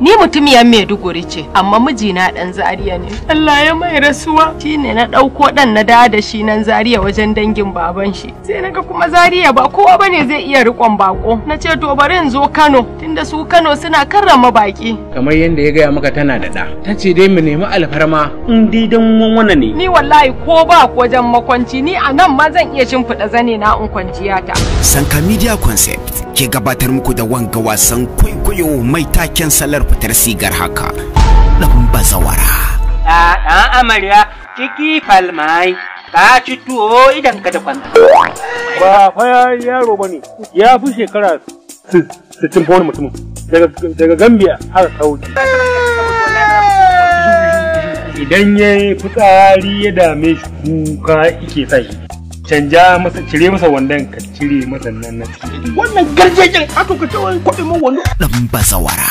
Ni mutumiyar Maiduguri ce, amma mijina ɗan zariya ne. Allah ya mai rasuwa. Shi na ɗauko ɗan na dawo da shi nan zariya wajen dangin baban shi. Sai naga kuma Zariya ba kowa bane zai iya rikon bako. Na ce to bari in zo Kano, tunda su Kano suna karrama baƙi. Kamar yadda ya gaya maka tana da ɗa. Ta ce dai mu nemi alfarma in dai dan wannan ne. Ni wallahi ko ba wajen makwanci ni a nan ma zan iya shimfiɗa zane na in kwanciya ta. Sanka Media Concept. ke gabatar muku da wanga wasan kwaikwayo mai taken salar fitar sigar haka ɗan bazawara. Ɗan amarya ciki falmai ka ci tuwo idan ka da kwanta. Ba fa yaro ba ne ya fi shekara sittin fa mutum daga Gambia har Saudi. Idan ya yi fitsari ya dame shi kuka ike sa canja masa cire masa wandan ka cire masa nan na wannan garjejin ato ka tawo kwabe mun wando dan bazawara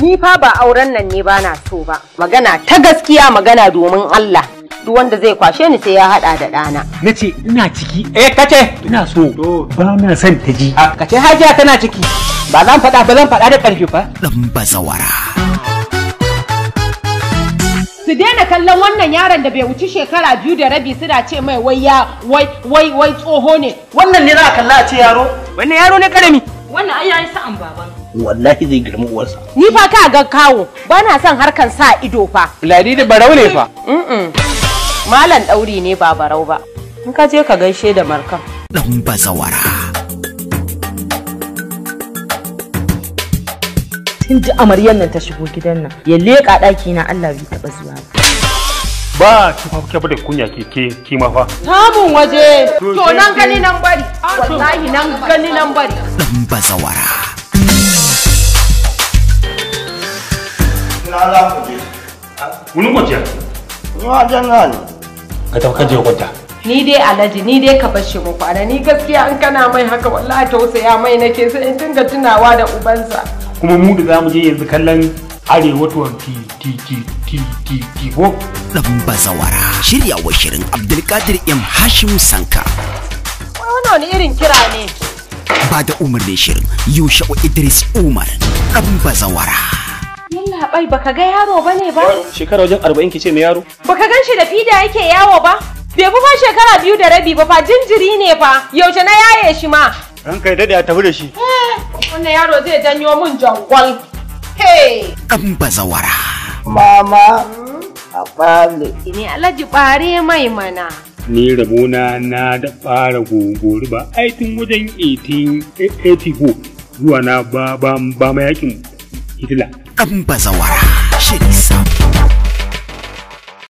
ni fa ba auren nan ne bana so ba magana ta gaskiya magana domin Allah duk wanda zai kwashe ni sai ya hada da dana. Na ce ina ciki. Eh kace. Ina so. Ba na son ta ji. Ah, kace hajiya tana ciki. Ba zan faɗa ba zan faɗa da ƙarfi fa. dan bazawara. su daina kallon wannan yaron da bai wuci shekara biyu da rabi suna ce mai wai ya wai wai wai tsoho ne wannan ne za a kalla a ce yaro wannan yaro ne karami wannan ai yayi sa'an baban wallahi zai girma uwarsa ni fa ka ga kawo ba na son harkan sa ido fa ladi da barau ne fa malam dauri ne ba barau ba in ka je ka gaishe da markan dan bazawara tun ji amaryar nan ta shigo gidan nan ya leka ɗaki na Allah bai taɓa zuwa ba. ba ki fa kike da kunya ke ke ki ma fa tabun waje to nan gani nan bari wallahi nan gani nan bari dan bazawara na la ku wani kwanciya ruwa jan ne. ka tafi kan je kwanta ni dai alaji ni dai ka bashi mu kwana ni gaskiya an kana mai haka wallahi tausaya mai nake sai in dinga tunawa da ubansa kuma mu da zamu je yanzu kallon arewa to ti ti ti ti ti ti ho labin bazawara shirya wa shirin abdulkadir m hashim sanka wani irin kira ne ba da umarnin shirin wa idris umar labin bazawara bai baka ga yaro ba ne ba? Shekara wajen arba'in kice mai yaro. Baka gan shi da fida yake yawo ba? Bai fi shekara biyu da rabi ba fa jinjiri ne fa yaushe na yaye shi ma. Ran kai dade a tafi da shi. Wannan yaro zai janyo min jangwal. Hey! Ɗan bazawara. Mama, a ɓale. Ni Alhaji ɓare mai mana. Ni rabona na da fara gogori ba aitin wajen 1884 zuwa na ba ba mayakin Hitler. bazawara,